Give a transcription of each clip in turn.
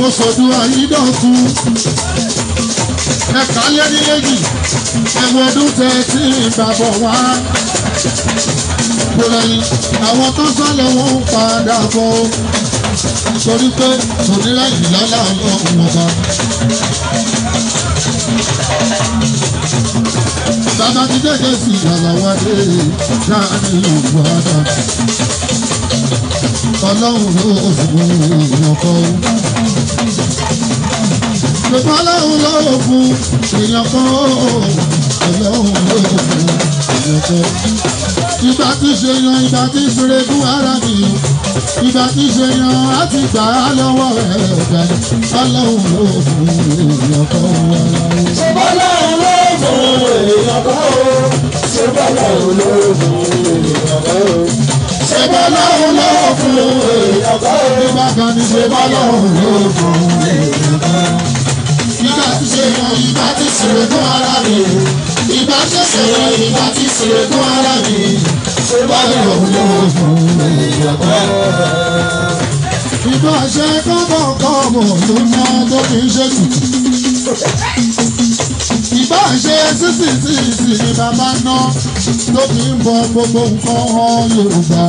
mo fọdún àyídọ̀tun ẹ̀ka lẹ́nìlẹ́yìn ẹ̀wọ̀n ọdún tẹ̀sí ìgbàgbọ́ wá. kò lẹ́yìn àwọn tó sálẹ̀ wọ́n ń padà bọ̀ torí pé tòníra ìlọ́lá ọlọ́run ọba. Bàbá ti dẹ́gẹ́ sí àlàwádé láàrin ìlú àdá. Ọlọ́run ló fún un ọkọ̀ ṣùgbọ́n ọlọ́run ló fún èèyàn kan ọlọ́run ló fún èèyàn kan. ìgbà tí ṣe yan ìgbà tí ṣeré fún ara mi ìgbà tí ṣe yan láti gbà á lọ́wọ́ rẹ̀ ọ̀gá ọlọ́run ló fún èèyàn kan ọlọ́run. ṣùgbọ́n ọlọ́run ló fún èèyàn kan. bẹ̀rẹ̀ òjò ìjọba. Ìbá ṣe kọ́kọ́kọ́ mọ̀ ló ná tó fi ń ṣe tùtù. Ìbá ṣe sísì sí ìsì ni bàbá ná tó fi ń bọ gbogbo nǹkan hàn Yorùbá.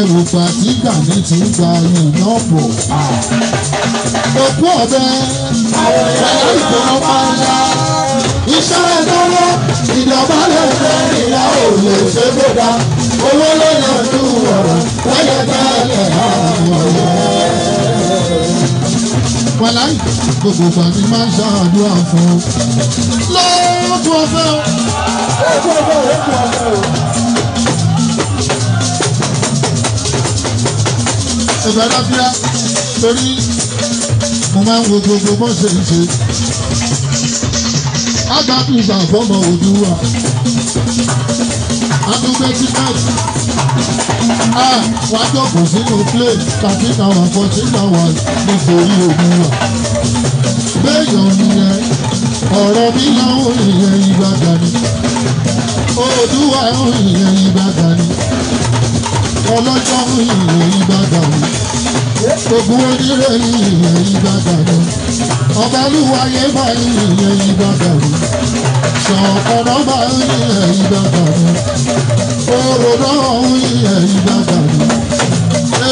Ẹ̀rù pàtí Gàní ti ń gba iná pọ̀. Òkú ọ̀bẹ, àwọn ìyá ìgbọ̀nà máa ń ya. Iṣẹ́ ẹ̀dá lọ́pọ̀. wàláì gbogbo ìgbà ni máa ń ṣàdúrà fún un. lóòótọ́ ọ̀fẹ́ o. lóòótọ́ ọ̀fẹ́ o lóòótọ́ ọ̀fẹ́ o. ẹ̀bẹ̀ alábíà torí mo máa ń wo gbogbo bó ṣe ń ṣe. agbábíyàn fọmọ òdúwà. adúgbò tí bẹ́ẹ̀. Ah, wá jókòó sínú plane thirteen hours fourteen hours nítorí òun wà. béèyàn nìyẹn ọ̀rọ̀ mi láwọn ìyẹn ìgbà gani Oòduà ìyẹn ìgbà gani ọlọ́jọ́ ìyẹn ìgbà gani ogun onírè ìyẹn ìgbà gani ọbalúwayé bá ìyẹn ìgbà gani ṣọ̀kan náà bá ìyẹn ìgbà gani òrò lọ́hùn ilẹ̀ Ìbàdàn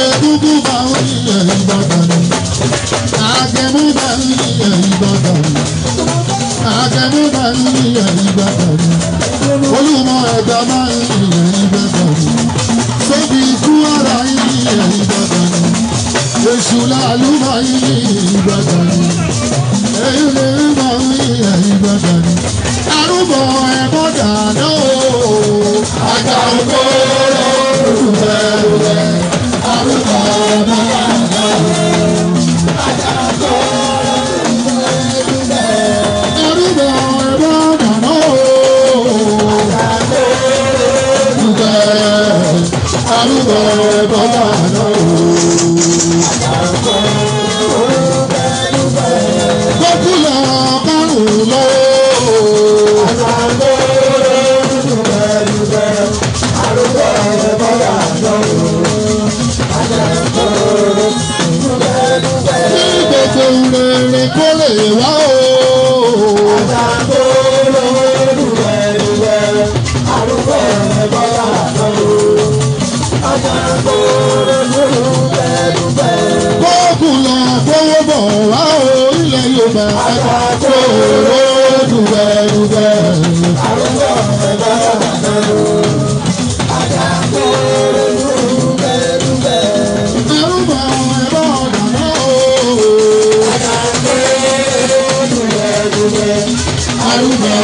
egungun bá ń ilẹ̀ Ìbàdàn agẹmú bá ń ilẹ̀ Ìbàdàn agẹmú bá ń ilẹ̀ Ìbàdàn Olúmọ Ẹ̀gbá bá ń ilẹ̀ Ìbàdàn tóbi ikú ara ilẹ̀ Ìbàdàn èṣù làlú bá lè. dúpẹ́ arúgbó bọ́lá náà. Marumba.